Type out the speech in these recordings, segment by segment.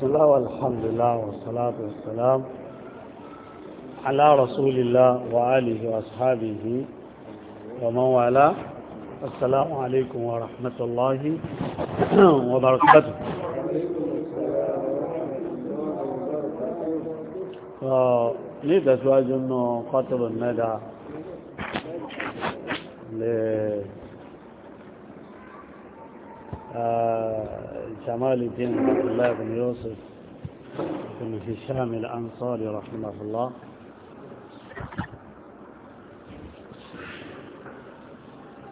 بسم الله والحمد لله والصلاة والسلام على رسول الله وآله وأصحابه ومن والاه السلام عليكم ورحمة الله وبركاته لذا سواج قاتل الندى آه، جمال الدين عبد الله بن يوسف بن هشام الأنصاري رحمه الله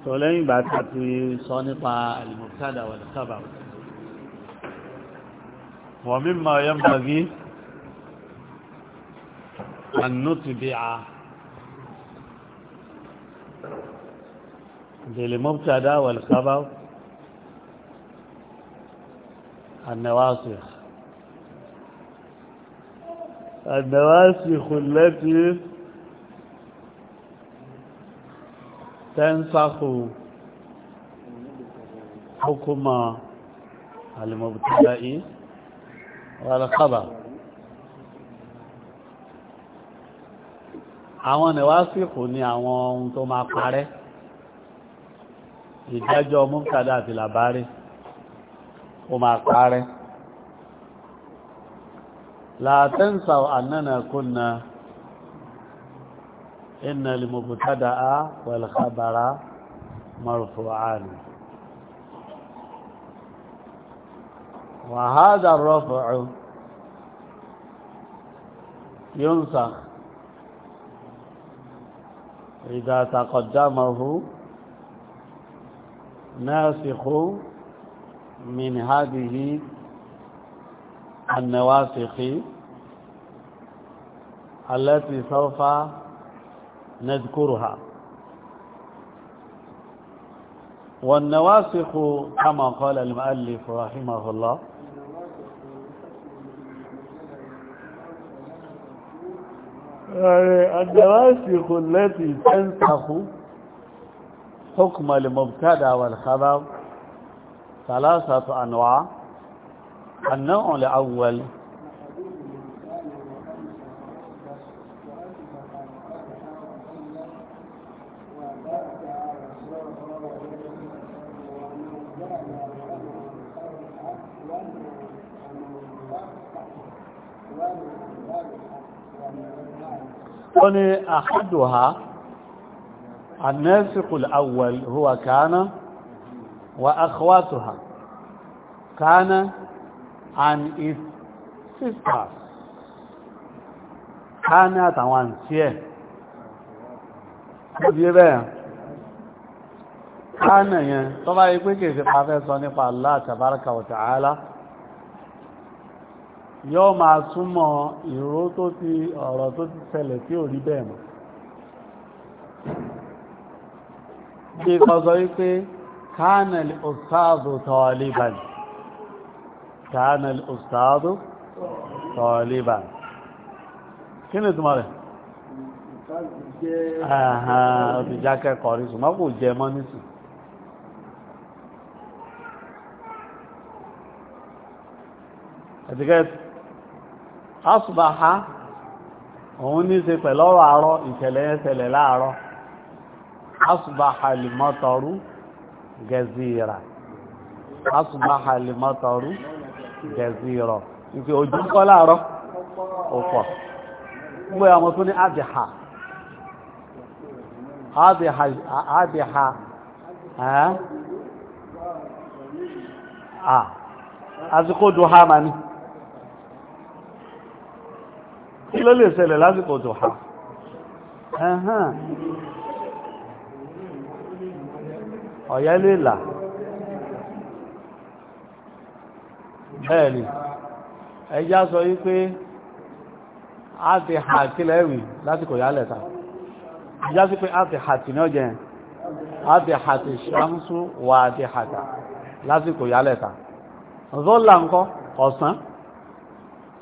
تولين بعد في صانطة المبتدا والخبر ومما ينبغي أن نتبع بالمبتدا والخبر النواسخ النواسخ التي تنسخ حكم المبتدأ والخبر àwọn nẹ̀wásìkò ni àwọn ohun tó máa parẹ́ ìdájọ́ mọ́kàdá àti làbárẹ́ ó máa parẹ́ látẹ́nsà ànánà kúnnà iná lèmọ̀bùtádà á pẹ̀lẹ̀kábàrá marfu'ani وهذا الرفع ينسخ إذا تقدمه ناسخ من هذه النواسخ التي سوف نذكرها والنواسخ كما قال المؤلف رحمه الله يعني النواسخ التي تنسخ حكم المبتدا والخبر ثلاثة أنواع النوع الأول أحدها الناسق الأول هو كان وأخواتها كان عن his sisters كانت عن سيه ìdíyẹ bẹ́ẹ̀ kánà yẹn tó bá ipé kèsì pàfẹ́ sọ nípa Allah tabaraka wa ta'ala yóò máa súnmọ́ ìró tó ti ọ̀rọ̀ tó ti ṣẹlẹ̀ tí ò rí bẹ́ẹ̀ mọ́ bí kọ́ sọ wípé كان الأستاذ طالبا كان الأستاذ طالبا kí ni ìtumọ̀ rẹ̀? ó ti já kẹ́kọ̀ọ́ rí ṣùgbọ́n kò jẹ mọ́ nísìn ẹ̀tìkẹ́tì asùbàhá òun ní ṣe pẹ̀lọ́rọ̀ àárọ̀ ìṣẹ̀lẹ̀ ẹ̀ṣẹ̀lẹ̀ láàárọ̀ asùbàhá lè mọ́tọrú gẹ̀zìrà asùnmáhà lè Nke gẹ̀zìrọ̀ ìfẹ́ ojú kọ́ láàárọ̀ ọ̀pọ̀ gbé ọmọ tó ní àbìhà àbìhà àsìkò dùhá ma ní kí ló lè ṣẹlẹ̀ lásìkò ọ̀yá lè bẹ́ẹ̀ni ẹjá sọ yí pé a ti hà kílẹ̀ ẹ̀wì lásìkò yálẹ̀ ta ẹjá sí pé a ti hà tì náà jẹ́ a ti hà tì ṣàmsù wà ti hà tà yálẹ̀ ta zọ́là ọ̀sán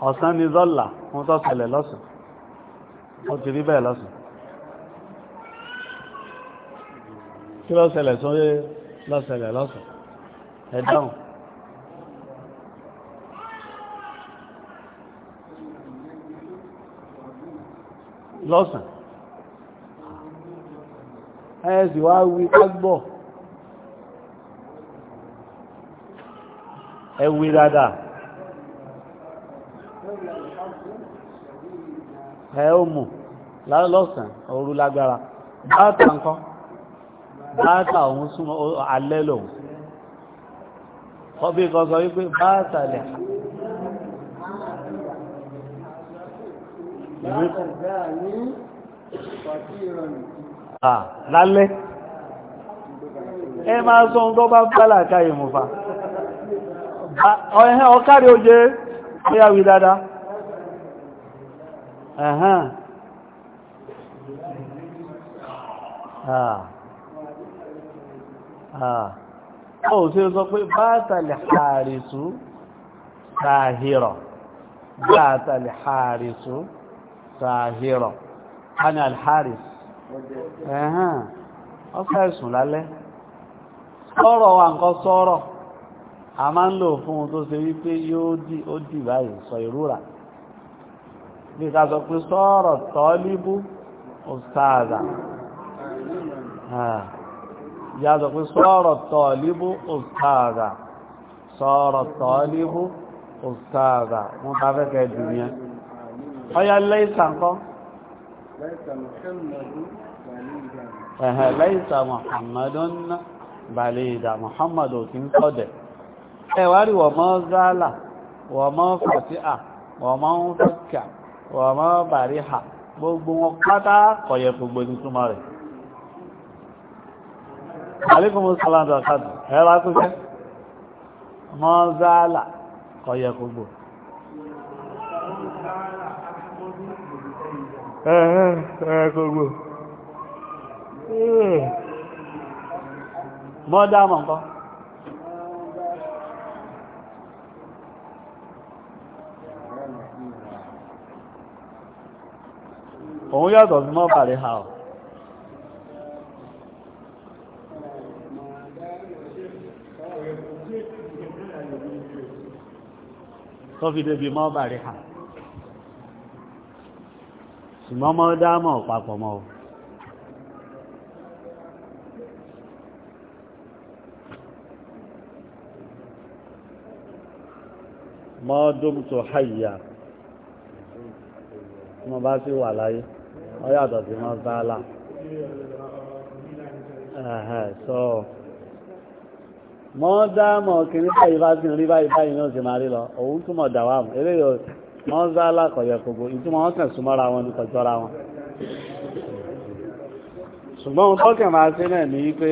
ọ̀sán ni zọ́là kí ló ṣẹlẹ̀ sóyé lọ́sẹ̀lẹ̀ lọ́sẹ̀ ẹ dáhùn. lọ́sàn ẹ sì wá wí kágbọ́ ẹ wí dáadáa ẹ ó mú lọ́sàn òru lágbára bá tàǹkan báàtà òun súnmọ́ alẹ́ lòun ọbí kan sọ wípé báàtà lẹ̀ lálẹ́ ẹ máa sọ ohun tó bá bálà ká ìmùfà ọ̀hẹ́ ọkárí oje ọyáwí dáadáa ẹ̀hẹ́n ó ah. oh, ṣe sọ pé bátàlẹ̀ hàrìsù sàhírọ̀ bátàlẹ̀ hàrìsù sàhírọ̀ hàní alhàrìs ẹ̀hàn ọ́sá ẹ̀sùn lálẹ́ sọ́rọ̀ wa nǹkan sọ́rọ̀ a máa ń lò fún un tó ṣe wípé yóò dì ó dì báyìí sọ ìrúra bí ká sọ pé sọ́rọ̀ tọ́líbú ọ̀sáàdà ìyá sọ pé sọ́ọ̀rọ̀ tọ̀ọ̀líbù òtààrà sọ́ọ̀rọ̀ tọ̀ọ̀líbù òtààrà wọ́n bá fẹ́kẹ́ dùn yẹn ọya lẹ́ìsà ńkọ́ lẹ́ìsà muhammadun balida muhammadu kí ń kọ́dẹ̀ ẹwàrí wọ̀ mọ́ zálà wọ̀ mọ́ fàtíà wọ̀ mọ́ fàkà wọ̀ mọ́ bàríhà gbogbo wọn pátá kọ̀yẹ̀ gbogbo ní túnmọ̀ rẹ̀ àlékùnmọ́ sàlámù àkàdù ẹ̀rọ akúṣẹ́ mọ́zálà kọ̀yẹ gbogbo mọ́dámọ̀ nǹkan òun yàtọ̀ sí mọ́ bàrí ha ọ̀ tó fi débi mọ́ bàrí hàn ṣùgbọ́n mọ́ dámọ̀ papọ̀ mọ́ o mọ́ dókítọ̀ hayà mọ́ bá sí wà láyé ọ yàtọ̀ sí mọ́ sáálà ẹ̀hẹ̀ sọ́ọ̀ mọ́ dáàmọ̀ kìrí báyìí bá sí rí báyìí báyìí náà sì máa rí lọ òun túnmọ̀ dàwàmù eléyò mọ́ zá alákọ̀yẹ̀ kògbò ìtumọ̀ wọn kàn súnmọ́ra wọn ní kọjọ́ra wọn ṣùgbọ́n ohun tọ́kẹ̀ máa sí náà ní pé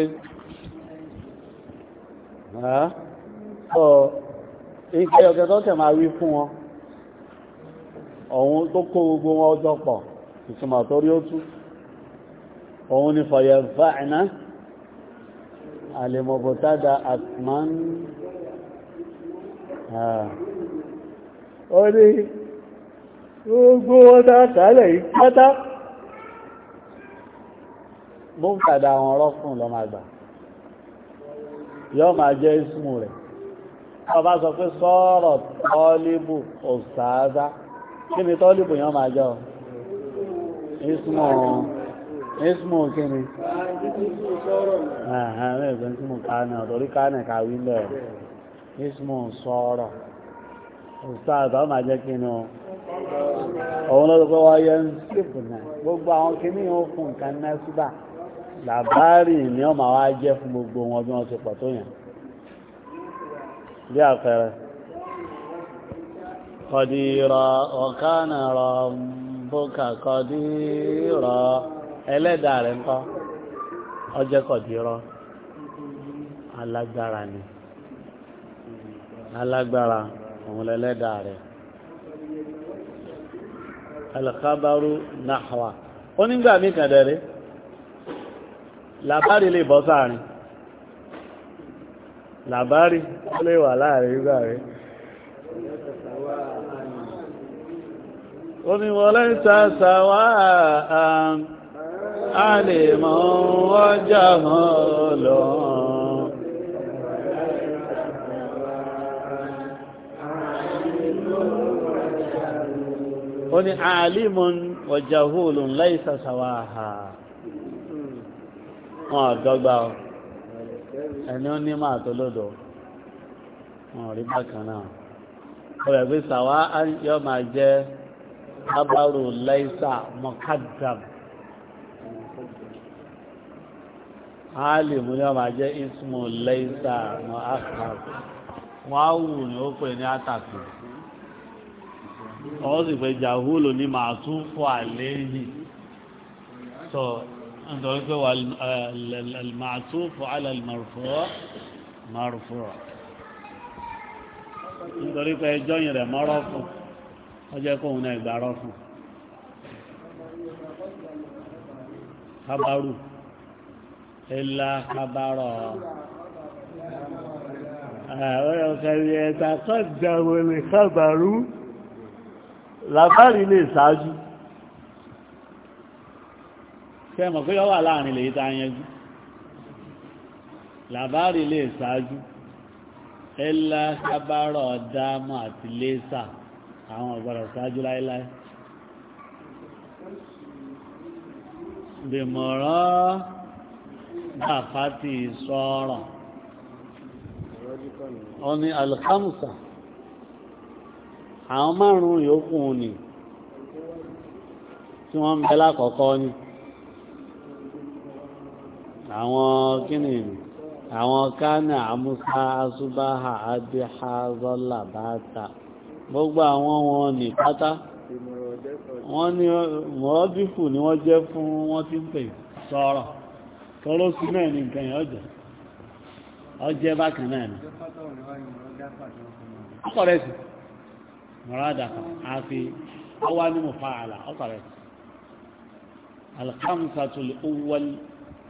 ọ̀ ìpẹ́ ọ̀kẹ́ tọ́kẹ̀ máa wí fún wọn òun tó kó gbogbo wọn ọjọ́ pọ̀ àlèmọ̀bọ̀tádà atman ó ní gbogbo ọdá tààlẹ̀ ìpátá mọ́kàdà àwọn ọlọ́fún lọ máa gbà yọ́ máa jẹ́ ismù rẹ̀ ọba sọ pé sọ́ọ̀rọ̀ tọ́líbù ọ̀sáàdá kí ni tọ́líbù yọ́ máa jẹ́ ọ ismù ismu kíni ẹ̀ẹ́dẹ́gbẹ̀ ah, ah, ismu kánà torí kánà kàwí lẹ̀ ismu sọ́rọ̀ ọmọ jẹ́ kíni o òun lọ́dọ̀ pé ń sípù náà gbogbo àwọn kíní ẹlẹ́dàá rẹ̀ ńkọ́ ọjọ́ kọ̀dírọ́ alágbára ni alágbára òun lẹ́lẹ́dàá rẹ̀ alkhabaru nahwa ó nígbà mí kàdẹ̀rẹ́ làbárí lè bọ́ sáàrin làbárí ó lè wà láàrin nígbà rẹ̀ ó ní wọlé sáà sáà wáà علم وجهل ó ní àálìmùn wàjàhúlùn láìsà sàwáhà wọn àdọ́gba ọ ẹni ó ní máa tó lọ́dọ̀ wọn rí bákan náà ó rẹ̀ pé sàwá yọ máa jẹ́ abárò láìsà mọ́kádàmù alimu ni wọ́n máa jẹ́ ismu leisa mọ́ akar wọ́n á wù ní ó pè ní àtàkù wọ́n sì pé jahulu ni màá tún fọ́ àléyìn sọ nítorí pé wà màá tún fọ́ alẹ́ mọ̀rùfọ́ mọ̀rùfọ́ nítorí pé ẹjọ́ yìí rẹ̀ mọ́rọ́ fún ọjọ́ kóhun náà ìgbàrọ́ fún kábàrù ilá kábàárọ̀ ọ̀rọ̀ kẹrin ẹ̀ta kọ́jàwò lè kábàárú làbárí lè ṣáájú kẹmọ̀ pé yọ́ wà láàrin lè ta yanjú làbárí lè ṣáájú ilá kábàárọ̀ dámọ̀ àti lẹ́sà àwọn ọ̀gbọ̀rọ̀ ṣáájú láíláí bèmọ̀ràn dàfátì sọ́ọ̀rọ̀ wọ́n ní alhamsa àwọn márùn-ún yòókù ni tí wọ́n ń bẹ lákọ̀ọ́kọ́ ni àwọn kíni àwọn kánà àmúsá asúbáhà adéhà zọ́là bàtà gbogbo àwọn wọn ní pátá wọ́n ní mọ́ọ́dífù ni wọ́n jẹ́ fún wọ́n ti ń pè sọ́rọ̀ tọrọ sí náà ní nǹkan yẹn ọjọ́ ọjẹ́ bákan náà ni ọkọ̀rẹ́ sí mọ̀rádà àfi ọwá ní mọ̀fà àlà ọkọ̀rẹ́ sí alhamsatul owal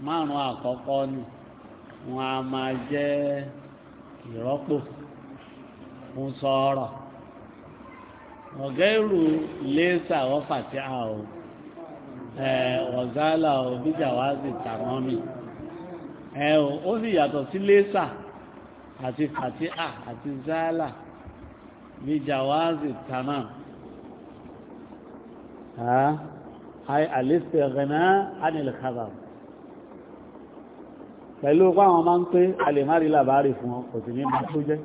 márùn àkọ́kọ́ ni wọ́n a máa jẹ́ ìrọ́pò fún sọ́ọ̀rọ̀ ọ̀gẹ́rù lẹ́sà wọ́n fàtí àwọn ọ̀zálà òbíjàwázì tàmọ́mì ó sì yàtọ̀ sí lẹ́sà àti fàtíà àti zálà bíjàwázì tàmà àlẹ́sẹ̀rẹ̀nà ánìlẹ̀kàbà pẹ̀lú pàwọn máa ń pé alèmárì làbárì fún ọ kò sí ní máa tó jẹ́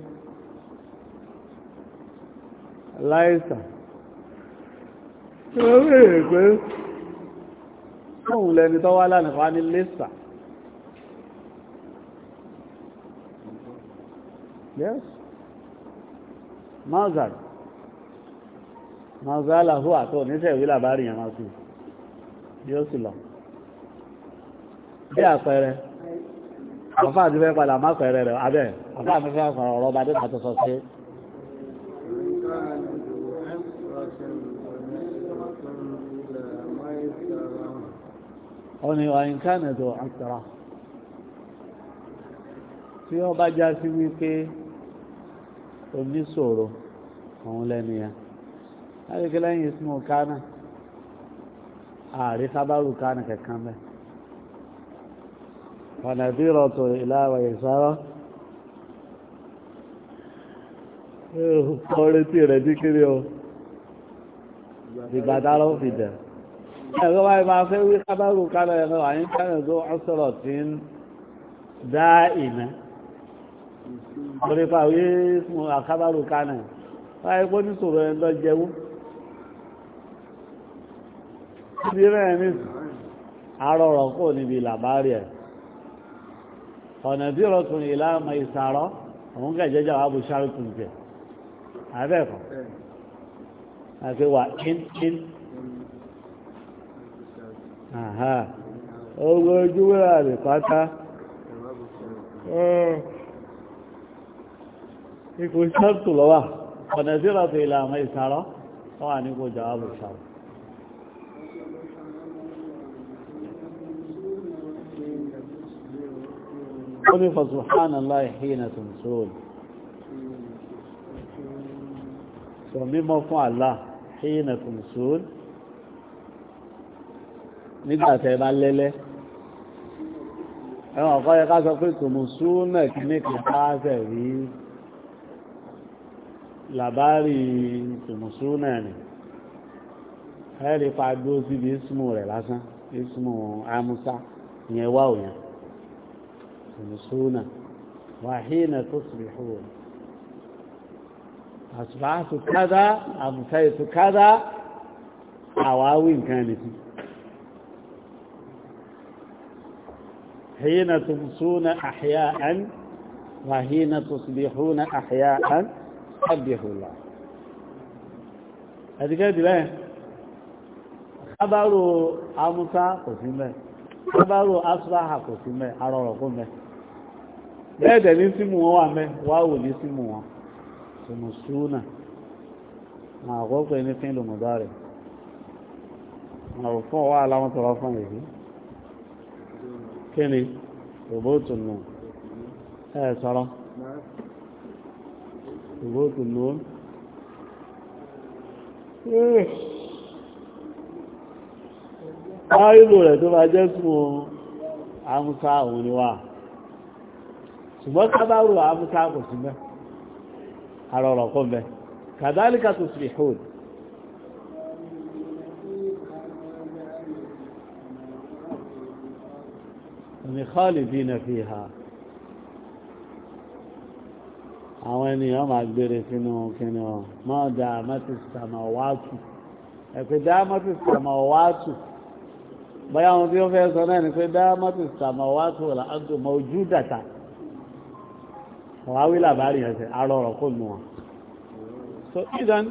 láìsà Thank you fún lẹni tó wá lánàá wá ní lẹ́sà yes mazal mazal ahu àtọ́ oníṣẹ́ ìwé làbárí yẹn máa sí yóò sì lọ bí àpẹẹrẹ àfáà ti fẹ́ padà má rẹ̀ abẹ́ àfáà ti fẹ́ ọ̀rọ̀ ọba dé ọ̀nà ìwàyìn kánàdọ̀ àtàrà tí wọ́n bá já sí wípé oníṣòro òun lẹ́nu yẹn láyéké lẹ́yìn ìsinmi kánà ààrí sábàrù kánà kankan bẹ́ẹ̀ ọ̀nà bí rọ̀tò ìlàwà ìsára ọ̀rẹ́tì rẹ̀ díkiri o ìbàdàn ló fi dẹ̀ ẹ̀rọ wáyé máa fẹ́ wí kábàrù kálọ̀ ẹ̀rọ àyín kálọ̀ tó ọ́sọ̀rọ̀ tí ń dá ìná orípa wí fún àkábàrù kálọ̀ wáyé kó ní sọ̀rọ̀ ẹ̀ lọ jẹ́wó ti rẹ̀ ní àrọ̀rọ̀ kò níbi làbárì ẹ̀ ọ̀nà tí rọ̀tún ìlàmà ìsàrọ̀ òun kẹjẹjẹ àbúṣárùkùn jẹ àbẹ́ẹ̀kọ́ àti wà kínkín ọgbọ ojúwèrè àmì pátá ipò ṣẹ́ǹtù lọ́wà ọ̀nà sí ìrọ̀tọ̀ ìlànà ìsàrọ̀ wọ́n wà ní kò jàwábù ìsàrọ̀ ó ní fasuhánàláì hìnà tùmsùn sọ mímọ́ fún àlá hìnà tùmsùn nígbà tẹ́ bá lẹ́lẹ́ ẹ̀wọ̀n ọ̀kọ́ yẹ ká sọ pé tòmùsúnà kí ní kí káàsẹ̀ rí làbárì tòmùsúnà ni ẹ̀rí pàdó síbi ismu rẹ̀ lásán ismu amúsá ìyẹn wá òyìn tòmùsúnà wàhíìnà tó sì rí hùwà àṣùfàṣù kádà àbùsáyèsù kádà àwáwí nǹkan nìkan حين تمسون أحياء وحين تصبحون أحياء سبحوا الله هذه كده بقى خبروا أمسا قسمه خبروا أصبح قسمه أرارقمه bẹ́ẹ̀dẹ̀ ní símú wọn wà mẹ́ wáwò ní símú wọn tùmùsùnà àwọn àkọ́kọ́ ẹni fílùmù dárẹ̀ àwọn òfin wà láwọn tọrọ fún èyí kí ni òbótù nù ẹ sọ̀rọ̀ òbótù nù áìlò rẹ̀ tó bá jẹ́ fún amúsá òun ni wà ṣùgbọ́n kábàrò amúsá kò sí mẹ́ àrọ̀rọ̀ kọ́ mẹ́ kàdálíkà tó fi hùd ni khalidina fiha àwọn ènìyàn máa gbére sínú kíni ọ máa dá mẹ́tì sàmàwátù ẹ̀pẹ́ dá mẹ́tì sàmàwátù báyà wọn tí ó fẹ́ sọ náà ni pé dá mẹ́tì sàmàwátù là á tó mọ ojú dàtà ọ̀háwí làbárí ẹ̀sẹ̀ arọ̀rọ̀ kò nù wọn. so idan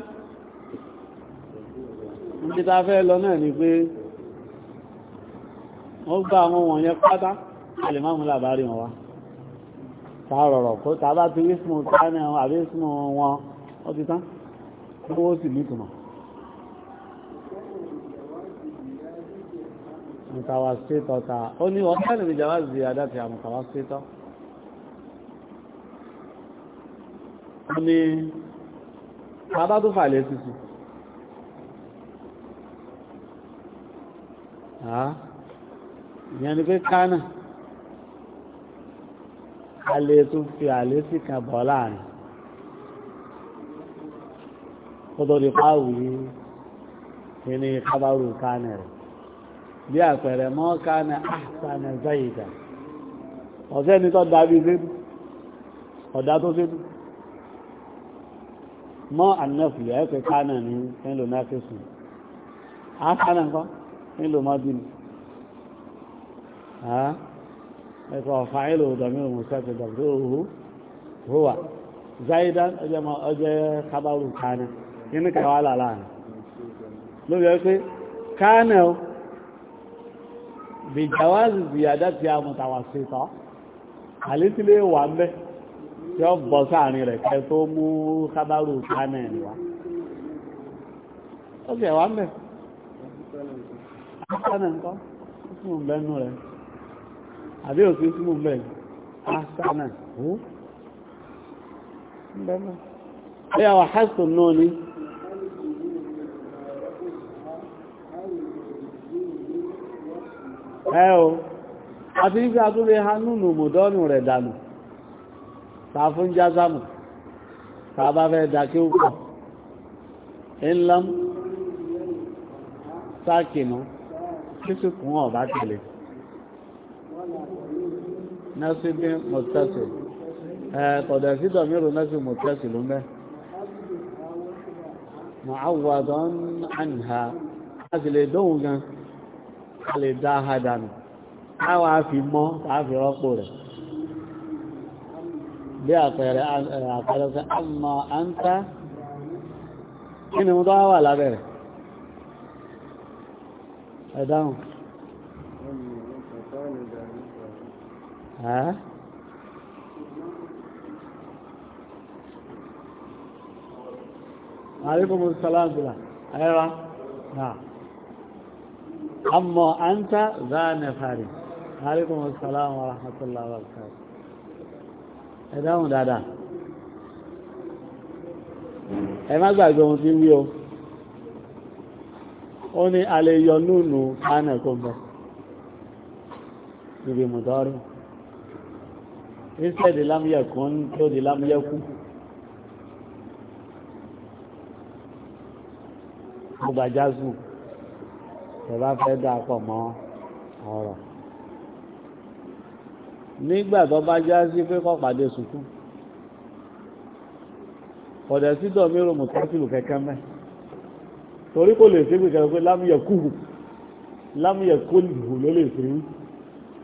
níbi tá a fẹ́ lọ náà ni pé wọ́n gba àwọn wọ̀nyẹn pátá alẹ́ máa mú làbárí wọn wá tààrọ̀rọ̀ kó tàbá ti rí súnmọ̀ tánà àbí súnmọ̀ wọn ó ti tán ó sì ní ìtumọ̀ mùtàwà sétọ̀ ta ó ní ọ̀tẹ́lì ìjàwá sí adáti àmùtàwà sétọ̀ ó ní tàbá tó fà ìyẹn ni pé kánà a lè tún fi àlésì kan bọ̀ láàrin kó tó di páàwù yìí kí ni kábàrù kánẹ̀ rẹ̀ bí àpẹẹrẹ mọ́ kánẹ̀ àtànẹ̀ záyìdà ọ̀sẹ́ ni tó dábí zédú ọ̀dá tó zédú mọ́ ànẹ́fìlẹ̀ ẹ̀kẹ́ kánẹ̀ ní nílò mẹ́fẹ́sùn ẹ̀kọ́ fàáìlì òdòmí òmùsẹ́tì dọ̀tí òhù hùwà zaidan ọjọ́ kábàrù kánẹ nínú kẹwàá làlánà lórí ẹ pé kánẹ o bí jawazi ziyada ti amùtàwà sètọ́ àlítìlẹ̀ wà ń bẹ́ tí ó bọ́ sáàrin rẹ̀ kẹ tó mú kábàrù kánẹ wá ó sì ẹ̀wà ń bẹ́ kánẹ nǹkan ó sì ń bẹ́nu rẹ̀ àbí òsì sí movement asana ó bẹ́ẹ̀ bẹ́ẹ̀ àwọn hasan náà ni ẹ o àti nígbà tó lè hanúnù mọ̀dọ́nù rẹ̀ dànù ta fún jázámù ta bá fẹ́ dákí ó pọ̀ ńlám sáàkì náà kí sí kún ọ̀bá tẹ̀lé násìbí mọ̀tẹ́sì kọ̀dà sí dọ̀míru násìbí mọ̀tẹ́sì ló mẹ́ mọ̀áwàdán àníhà a sì lè dóhùn gan a lè dá a dànù káwà fi mọ́ káàfi rọ́pò rẹ̀ bí àpẹẹrẹ àpẹẹrẹ sẹ́ àmọ́ kí ni mo tó wà lábẹ́rẹ̀ ẹ̀dáhùn عليكم السلام بالله ايوه نعم اما انت ذا نفر عليكم السلام ورحمه الله وبركاته ẹ̀dáhùn dáadáa ẹ má gbàgbé ohun tí wí o ó ní alẹ́ yọ lónìí kánà kó bẹ̀ ìrìmùtọ́rùn instead di lámúyẹ̀kún tó di lámúyẹ̀kú mo gba jásù ẹ bá fẹ́ dà pọ̀ mọ́ ọ̀rọ̀ nígbà tó bá jásù pé kọ́ pàdé sùkú ọ̀dẹ̀ sí dọ̀míro mùtọ́sílù kẹ̀kẹ́ mẹ́ torí kò lè ṣe pé kẹ̀kẹ́ pé lámúyẹ̀kú lámúyẹ̀kú ló lè ṣe wí.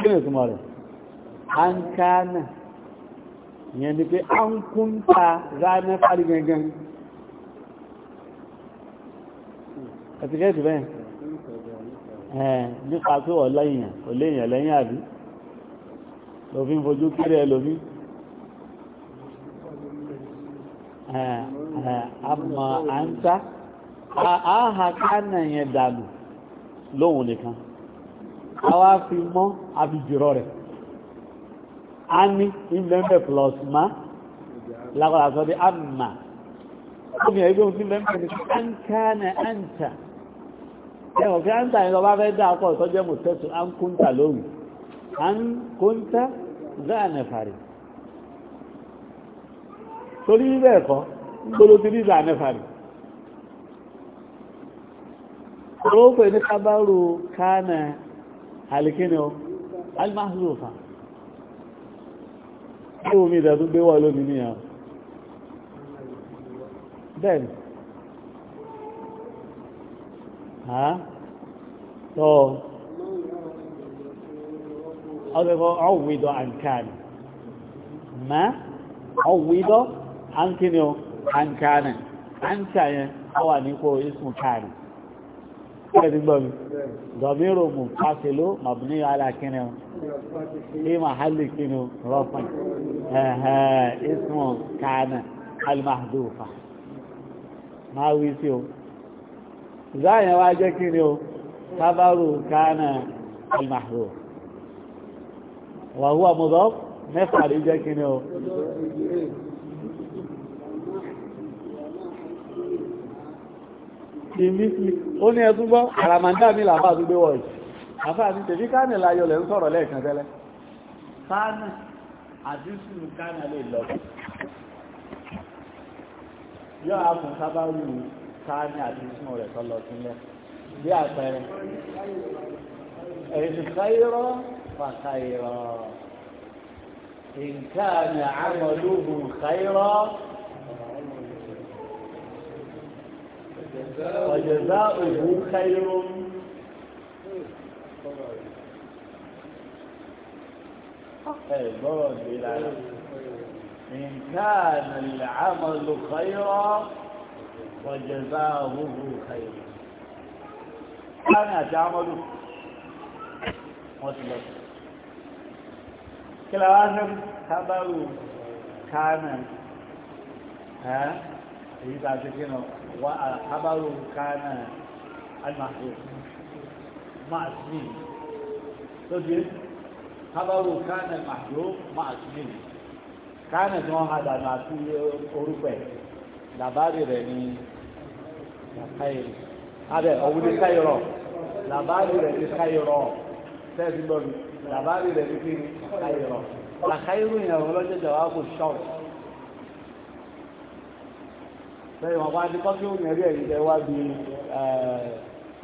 kí ni ìtumọ̀ rẹ̀ an kánà ìyẹn ni pé an kúnta ránà fárí gangan ẹ̀tìkẹ́tì bẹ́ẹ̀ ẹ̀ nípa pé ọ̀lẹ́yìn ọ̀lẹ́yìn lẹ́yìn àbí lòfin fojú kéré ẹ lòfin àmọ̀ àǹtá àáhà kánà yẹn dànù lóhun nìkan àwa fi mọ́ àfijìrọ rẹ̀ a ní ìlẹ́mẹ̀ plus ma lágbàrá sọ dé àmà ó ní ẹgbẹ́ òfin lẹ́mẹ̀ ní àǹkà ní àǹtà ẹwọ̀n fi àǹtà ní lọ́bá fẹ́ dáa pọ̀ tọ́jẹ́ mọ̀ tẹ́sù àǹkúntà lórí àǹkúntà zanafari torí bẹ́ẹ̀ kọ́ gbọ́dọ̀ ti rí zanafari ó alikini o almahzufa tí omi ìdàtú gbé wà lómi ní àwọn bẹ́ẹ̀ni ha tọ́ ọdọ́kọ́ ọwìdọ̀ àǹkàní ma ọwìdọ̀ àǹkìní o àǹkàní àǹkà yẹn ọwà ismù kàní ẹ̀dí gbọ́ mi dọ̀míro mú kásìlú màbùní alákínrin ní màhálì kínú rọ́pìn ẹ̀hẹ́ ismù kánà almahdufa máa wí sí o záyẹn wá jẹ́ kínú o kábàrù kánà almahdufa wàhúwà mọ́dọ́ mẹ́fà rí jẹ́ kínú o ìmísí ó ní ẹtúgbọ́ àràmàndà mi làbá tó gbé wọ̀nyí àfà àti tèmi káàní láyọ lẹ́ ń sọ̀rọ̀ lẹ́ẹ̀kan tẹ́lẹ̀ káàní àdísù káàní lè lọ yọ àfún sábàrù káàní àdísù rẹ̀ tọ́lọ sílẹ̀ bí àpẹẹrẹ ẹ̀yìn وجزاؤه خير إن كان العمل خيرا وجزاؤه خير أنا تعمل مطلق كلا واحد خبر كان ها هي تعطيكينه وخبر كان المحذوف مع سنين تجد خبر كان المحذوف مع سنين كان جمع هذا ناتي أوروبا لباري رني خير هذا أول خير لباري رني خير تجد لباري رني خير يا ولد جواب الشرط lẹ́yìn wọn bá ní kọ́kí òun ẹ̀rí ẹ̀rí jẹ́ wá bí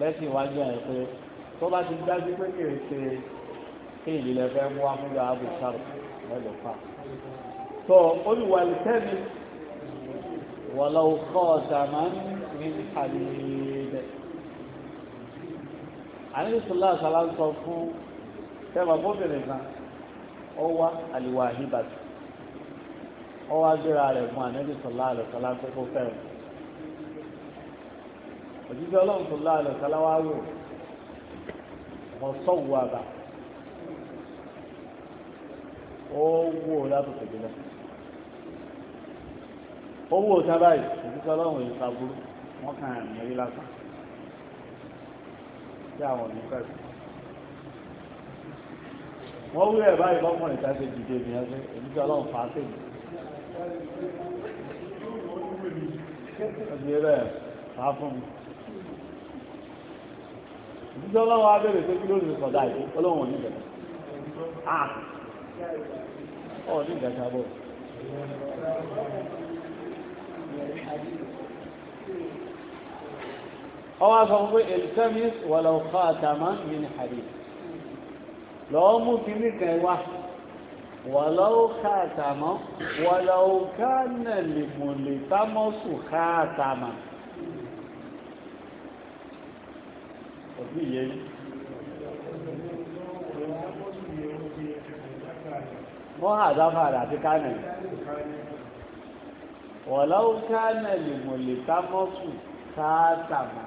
lẹ́sìn iwájú ẹ̀ pé tó bá ti dájú pé kì í ṣe kí ìdílé fẹ́ mú wá fún yàrá bò sáré lọ́dọ̀ fà. tó olùwà ìtẹ́bi wọ́n lọ kọ́ ọ̀dà máa ń rí àdìyẹ. àníṣùlá sàlá sọ fún tẹ́wà bóbìnrin kan ó wá àlìwà àhíbàtì ó wá gbéra rẹ̀ fún ànábì sọ̀lá àlọ́sọ̀lá pé kó fẹ́ràn òjíṣẹ́ ọlọ́run sọ̀lá àlọ́sọ̀lá wá wò wọ́n sọ̀wù àbá ó wò látòkè jùlọ ó wò sábà yìí òjíṣẹ́ ọlọ́run yìí sábúrú wọ́n kàn án mẹ́rí lásán sí àwọn onífẹ́ wọ́n wúlẹ̀ báyìí lọ́kùnrin tá a ṣe dìde ìgbìyànjú òjíṣẹ́ ọlọ́run fàá sí ìgbìyànjú ẹgbẹ̀rẹ̀ máa fún mi ìdíjọ́ ọlọ́wọ́ abẹ́rẹ̀ pé kí ló lè sọ̀dá ìlú ọlọ́wọ́ ní ìgbẹ̀rẹ̀ ah ọ̀ ní ìgbẹ̀rẹ̀ bọ̀ ọwọ́ sọ pé eltemis wọ̀lọ̀ fàtàmà ní ìhàdí lọ́ọ́ mú kí ní kẹwàá wọ́lọ́wọ́ káàtàmọ́ wọ́lọ́wọ́ káànà lè mọ̀ lè támọ́sù káàtàmà òbí yẹn wọ́n àdáfàdà àti káànà wọ́lọ́wọ́ káànà lè mọ̀ lè támọ́sù káàtàmà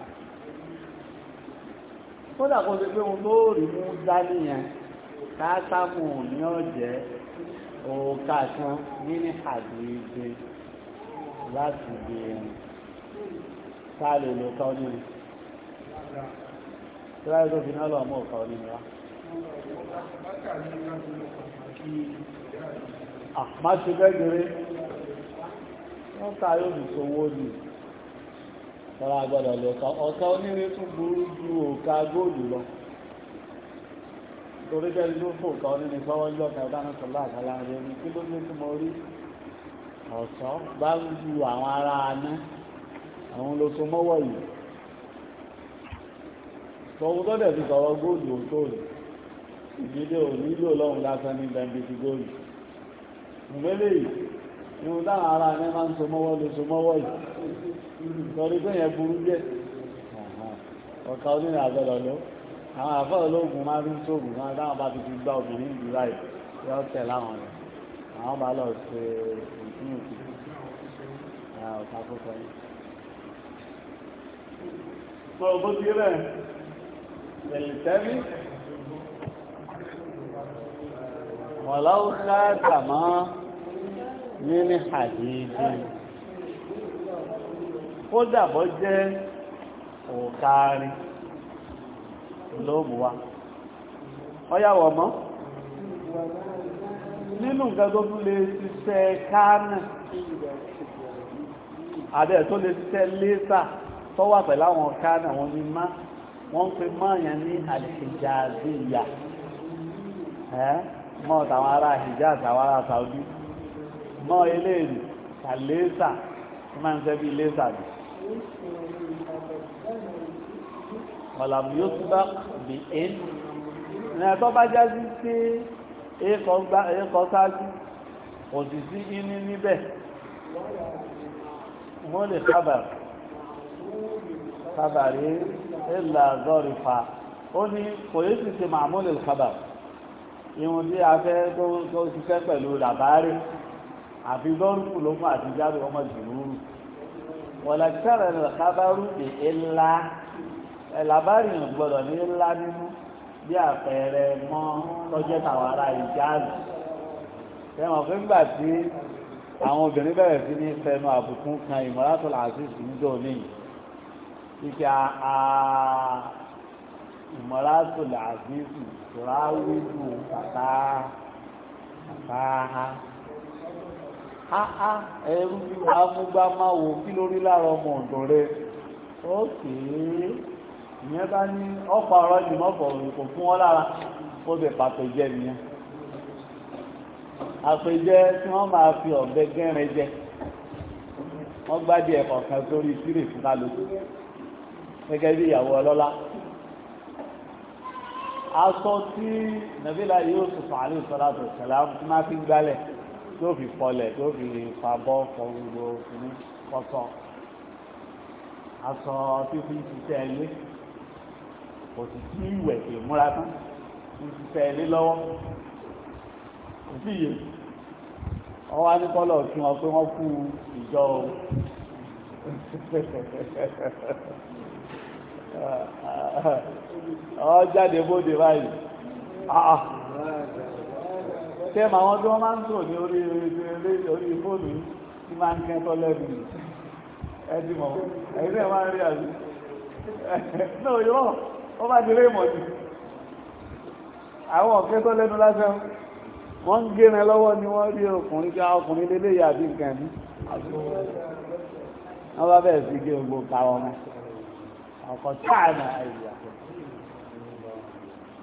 kódà kó ṣe pé wọn lóòrì mú dání yẹn káàtàmù ní ọ̀jẹ́ òǹkà kan nínú àdìyẹ láti di ẹni ká lè lò kọ́ nínú tí wáyé tó fi náà lọ mọ́ ọ̀kọ́ nínú wa. àmá ṣe gẹ́gẹ́rẹ́ wọ́n ká yóò fi sowó nù tọ́lá gbọ́dọ̀ lọ́kọ́ ọ̀kọ́ onírètú burú ju òǹkà góòlù lọ torí bẹ́ẹ̀ ló fò kan nínú ìfọwọ́ ìjọ kan dáná sọ láàkà láàrin ẹni kí ló dé tí mo rí ọ̀sán bá ń ju àwọn ará aná àwọn ló so mọ́wọ́ yìí tọwọ́ tó dẹ̀ fi sọ̀rọ̀ góòlù òtóòlù ìdílé ò nílò lọ́hùn lásán ní bẹ́ńbí ti góòlù ìgbélé yìí ìhun táwọn ará aná máa ń so mọ́wọ́ ló so mọ́wọ́ yìí sọ̀rí pé yẹn burú jẹ́ ọ̀ka àwọn àfẹ́ ológun máa rí sóògùn náà táwọn bá ti fi gbá obìnrin ìlú láì yọ tẹ̀ láwọn rẹ̀ àwọn bá lọ ṣe ìpínlẹ̀ ìpínlẹ̀ ọ̀tá púpọ̀ yìí. sọ bó ti rẹ̀ tẹ̀lẹ̀tẹ́lẹ̀ wọ̀láwó káàkà mọ́ nínú àdìdì kódà bọ́ jẹ́ òkárin lóòmù wa ọyàwọ̀ mọ́ nínú nǹkan tó tún lè ṣiṣẹ́ kánà àbẹ́ tó lè ṣiṣẹ́ lẹ́sà tó wà pẹ̀lú àwọn kánà wọn ni má wọ́n ń pe máàyàn ní àlìṣèjàzíyà mọ́ tàwọn ará Hijaz àwọn ará Saudi mọ́ eléèrè tàlẹ́sà tó máa ń ṣe bí lẹ́sà ọ̀làmù yóò tún bá bì é ẹ̀ tó bá jáde sí ẹ̀kọ́ sáájú kò sì sí inú níbẹ̀ wọ́n lè kábàá kábàá rí ẹ̀là zọ́rìfà ó ní kò yé sì ṣe màmúlẹ̀ kábàá ìwọ̀n tí a fẹ́ tó ṣiṣẹ́ pẹ̀lú làbárí àfi lọ́rùkù ló fún àtijáde ọmọ jùlúrù wọ̀lẹ̀kẹ́rẹ̀ lọ́kábàrú ìlà ẹ̀làbárì yàn gbọ́dọ̀ ní ńlá nínú bí àpẹẹrẹ mọ́ tọ́jẹ́ tàwọn ará ìjáàlù ẹ̀wọ̀n fún ìgbà tí àwọn obìnrin bẹ̀rẹ̀ sí ní fẹnu àbùkún kan ìmọ̀látọ̀ làásìsì níjọ́ níyìí ike a ìmọ̀látò làásìsì ráwídù kàtà kàtà ha ha ha ẹrú amúgbámáwo kí lórí lára ọmọ ọ̀dọ́ rẹ̀ ó kèé ìyẹn bá ní ọ̀pọ̀ ọ̀rọ̀ ìmọ̀ ọ̀pọ̀rọ̀ kò fún wọn lára ó bẹ̀ pàpẹ̀jẹ́ nìyẹn àpèjẹ tí wọ́n máa fi ọ̀bẹ gẹ́rin jẹ wọ́n gbádìí ẹ̀kọ̀ kan sórí sírè fún kálukú gẹ́gẹ́ bí ìyàwó ọlọ́lá aṣọ tí nàbílà Yusuf alayhi salatu wassalam tí máa fi gbálẹ̀ tí ó fi fọlẹ̀ tí ó fi fàbọ́ fọ gbogbo fún kọ́sọ́ aṣọ tí fi ṣiṣẹ́ ilé kò sì sí ìwẹ̀ ìmúra tán ń ṣiṣẹ́ ilé lọ́wọ́ kò sí iye wọ́n wá ní kọ́lọ̀ fún ọ pé wọ́n kú ìjọ o ọ jáde bóde báyìí tẹ́ ah, ah. ma wọ́n tí wọ́n máa ń tò ní orí orí fóònù tí máa ń kẹ́tọ́ lẹ́nu ẹ̀dìmọ̀ ẹ̀dìmọ̀ máa ń rí àrí náà yọ́ ó bá di rémọ̀ jù àwọn ọ̀fẹ́ tó lẹ́nu lásán wọ́n ń gẹ́rẹ lọ́wọ́ ni wọ́n rí ọkùnrin kí ọkùnrin lélé yàbí nǹkan ní wọ́n bá bẹ̀rẹ̀ sí gé ogbò káwọ́ mọ́ ọkọ̀ táàmì àìyà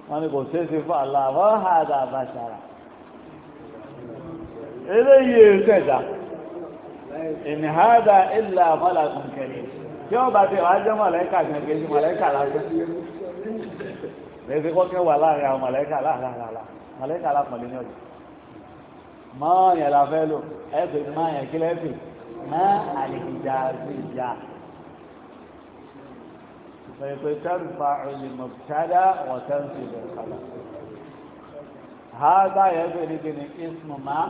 wọ́n ni kò ṣeéṣe fún àlàáfọ́ ìnìhádà ìlà mọ́làkùnkẹ̀rẹ̀ tí wọ́n bá ti wájọ́ mọ̀lẹ́kà gẹ̀gẹ́ mọ̀lẹ́kà lásán lẹ́sẹ̀ wọ́n kẹ́ wà láàrin àwọn màlẹ́kà láàrin màlẹ́kà alápọ̀lẹ́ ní ọ̀dọ̀ máa yẹn la fẹ́ lò ẹ̀fẹ̀ máa yẹn kí lẹ́fẹ̀ máa àlèkìjà àgbèjà pẹ̀pẹ̀ tẹ́rùfà olùmọ̀tàdá wọ́n tẹ́rùfà ìbẹ̀rẹ̀ هذا يدري اسم ما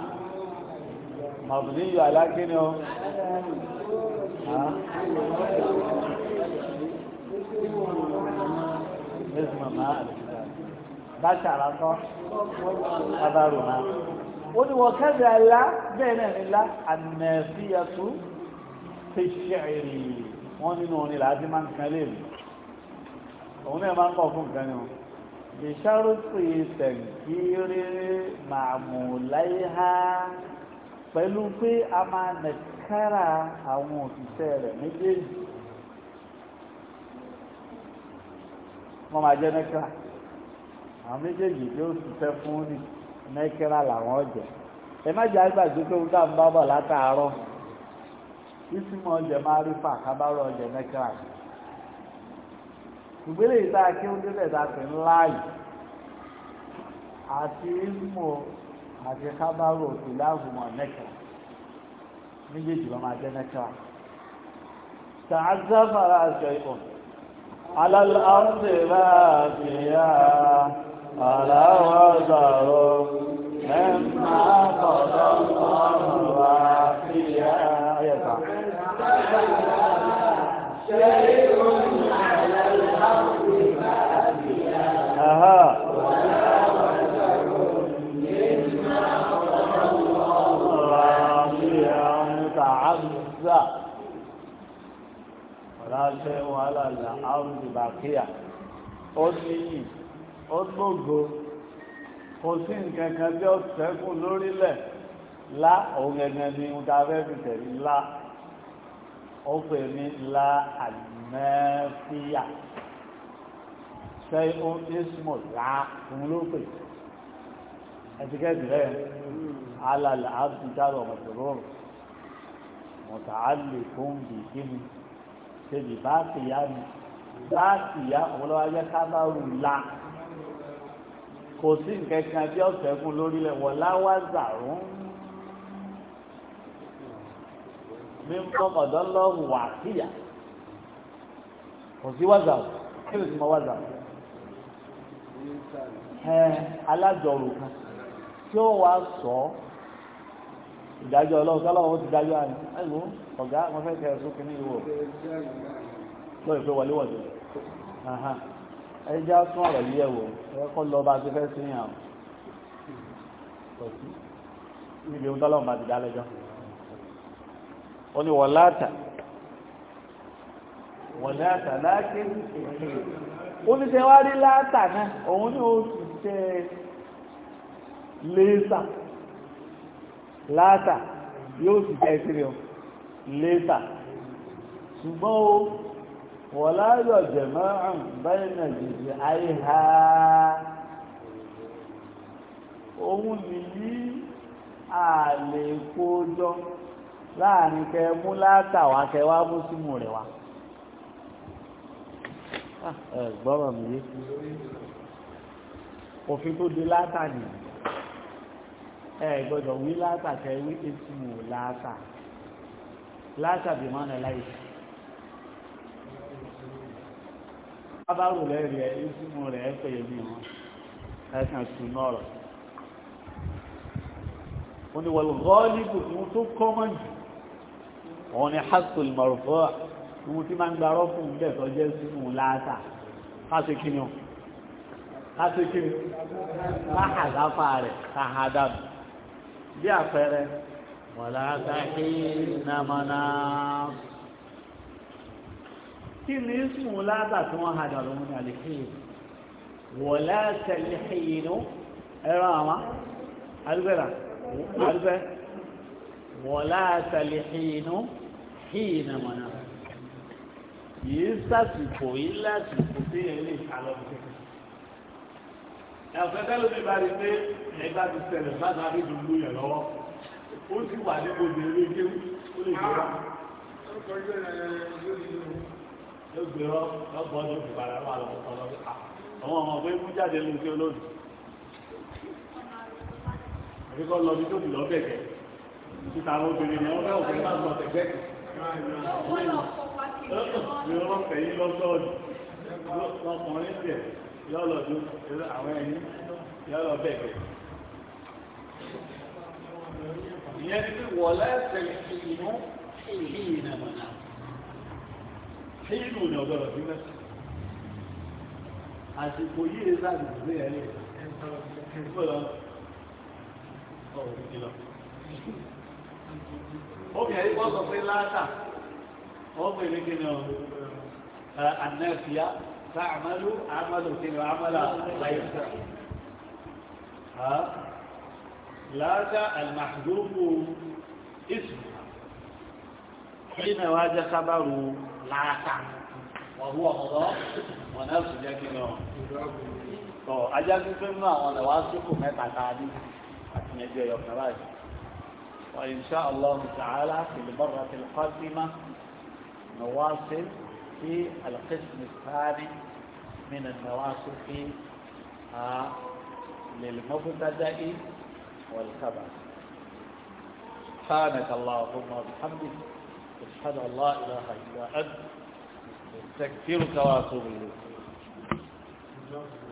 مبني على mẹ́sìmọ̀ máa báṣà àlàkọ́ abárò náà ó ní wọ́n kẹ́bẹ̀ ẹ̀lá bẹ́ẹ̀ náà nílá ànàfíyàtú fíṣẹ̀rì wọ́n nínú orin làájí máa ń kan léèrè òun náà máa ń pẹ̀lú pé a máa nẹ̀kára àwọn òṣìṣẹ́ rẹ̀ méjèèjì wọ́n máa jẹ́ nẹ́kírà àwọn méjèèjì yóò ṣiṣẹ́ fún ní nẹ́kírà làwọn ọ̀jẹ̀ ẹ má jẹ́ àgbàgbé tó ń dáhùn bá bọ̀ látàárọ̀ ìsúnmọ́ ọ̀jẹ̀ máa rí fà kábàárọ̀ ọ̀jẹ̀ nẹ́kírà ìgbélé ìta kí ó débẹ̀ ta pè ńlá yìí àti ìmọ̀ àti kábàárọ̀ òtù láàbùmọ̀ nẹ́kírà méjèèjì lọ́ máa jẹ́ nẹ́kírà tààzá fara aṣọ ìkọ̀ọ̀ على الأرض باقية على وزر مما قضى الله وافيا شيء láṣẹ wàhálà là áwùjì bàkíyà ó níyì ó gbógo kò sí nǹkan kan tí ó ṣẹ́kù lórílẹ̀ lá òun gẹ́gẹ́ ni mo ta fẹ́ fi tẹ̀lé lá ó pè ní lá àlùmẹ́fíà ṣe ó ismọ̀ lá òun ló pè ẹ̀tíkẹ́tì rẹ̀ alàlà ábùdárò mọ̀tòrò mọ̀tàálì fún bìkínì ṣèlè bá ti yá mi bá ti yá òun lọ́wọ́ ayé ká bá rù la kò sí nǹkan kan bí ọ̀sẹ̀ fún lórílẹ̀ wọ̀ láwàzà rún mi ń bọ́ ọ̀dọ́ lọ́hùn wà síyà kò sí wàzà o kí ló ti mọ wàzà o ẹ alájọrò kan tí ó wàá sọ ìdájọ́ ọlọ́run tí ọlọ́run ti dájọ́ àná ẹ̀gbọ́n ọ̀gá wọn fẹ́ kẹ́ ẹ̀sùn kìíní ìwọ̀ lọ́rẹ̀ pé wọlé wọ̀dọ̀ ẹjá tún ọ̀rọ̀ yí ẹ̀wọ̀ ẹ̀kọ́ lọ bá ti fẹ́ sí yàn pọ̀sí níbi ohun tọ́lọ́mù bá ti dá lẹ́jọ́ ó ní láàtà yóò sì tẹ sírí létà ṣùgbọ́n o wọ́n láyọ̀ jẹ̀mọ́ àrùn báyìí náà jìjì àìhà òun nìyí àlè kójọ láàrin kẹ mú látàwá kẹ wá mú rẹ̀ wá ah, gbọ́rọ̀ mi yé òfin tó di látà nìyí ẹ wí látà kẹ wí etí wò látà láṣàbí máa nà láì sí. abáwò lẹ́rìí ẹ ìsúnmù rẹ̀ ẹ pẹ̀yẹ bí wọn ẹ̀sìn sùn náà rọ̀. ó ní wọ́n gọ́ọ́lìbù ní wọ́n tó kọ́mọ̀ jù òun ni hasul marufo ní wọ́n ti máa ń gbarọ́ fún un bẹ́ẹ̀ tó jẹ́ sínú láṣà fásitì kìnìún fásitì kìnìún láhàzáfà rẹ̀ káhádàbù bí àpẹẹrẹ wàlá káfí nàmánà. kí ni sùn lágbà tí wọ́n hàdà lóhun ní àlèkéyìn wọ̀lá tẹ̀lé ìyínú ẹ̀rọ àmá alúbẹ̀rà alúbẹ̀ wọ̀lá tẹ̀lé ìyínú ìyínà mọ̀nà yìí sàtìkò yìí látìkò sí ilé ìsàlọ̀ ẹ̀fẹ́ tẹ́lómi bá rí pé ẹgbẹ́ ti ṣẹlẹ̀ bá dárí dùn lóyè lọ́wọ́ ó sì wà ní gbogbo eré kéwù ó lè gbé wá. ó gbé ọ lọ́gbọ́n ọdún ìbàdàn wà lọ́wọ́ kan lọ́wọ́ àwọn ọmọ ọgbẹ́ mú jáde lóun tí ó àbíkọ́ lọ bí tóbi lọ́ọ́ bẹ̀gẹ̀ títa àwọn obìnrin ni wọ́n fẹ́ òfin máa lọ tẹ̀gbẹ́ kan. ìrọ̀lọ́fẹ̀ yìí lọ́sọ̀ọ̀dù lọ́kùnrin tẹ̀ yọ́ lọ́dún àwọn ẹ̀yìn yọ́ lọ bẹ̀gẹ̀ ìyẹn ni pé wọ̀lá ẹ̀sẹ̀ ìlú ìhìn àmàlà ìlú ni ọ̀dọ́ ọ̀dọ́ mẹ́ta àsìkò yìí rẹ̀ sáàdì ìgbé ẹ̀rẹ́ ìgbọ́lọ́ ọ̀rọ̀ ìjìlọ obìnrin yìí wọ́n sọ pé láàtà obìnrin kí ni ànáfíà sáàmàlú àmàlù kí ni àmàlà لاجا المحذوف اسم حين واجه خبر لاجا وهو مضاف ونفس ذلك تو اجا فيما وانا واثق ما تعادي اتني يا فراج وان شاء الله تعالى في المره القادمه نواصل في القسم الثاني من النواصل في آه، والخبر سبحانك اللهم وبحمدك أشهد أن لا إله إلا أنت استغفرك وأتوب إليك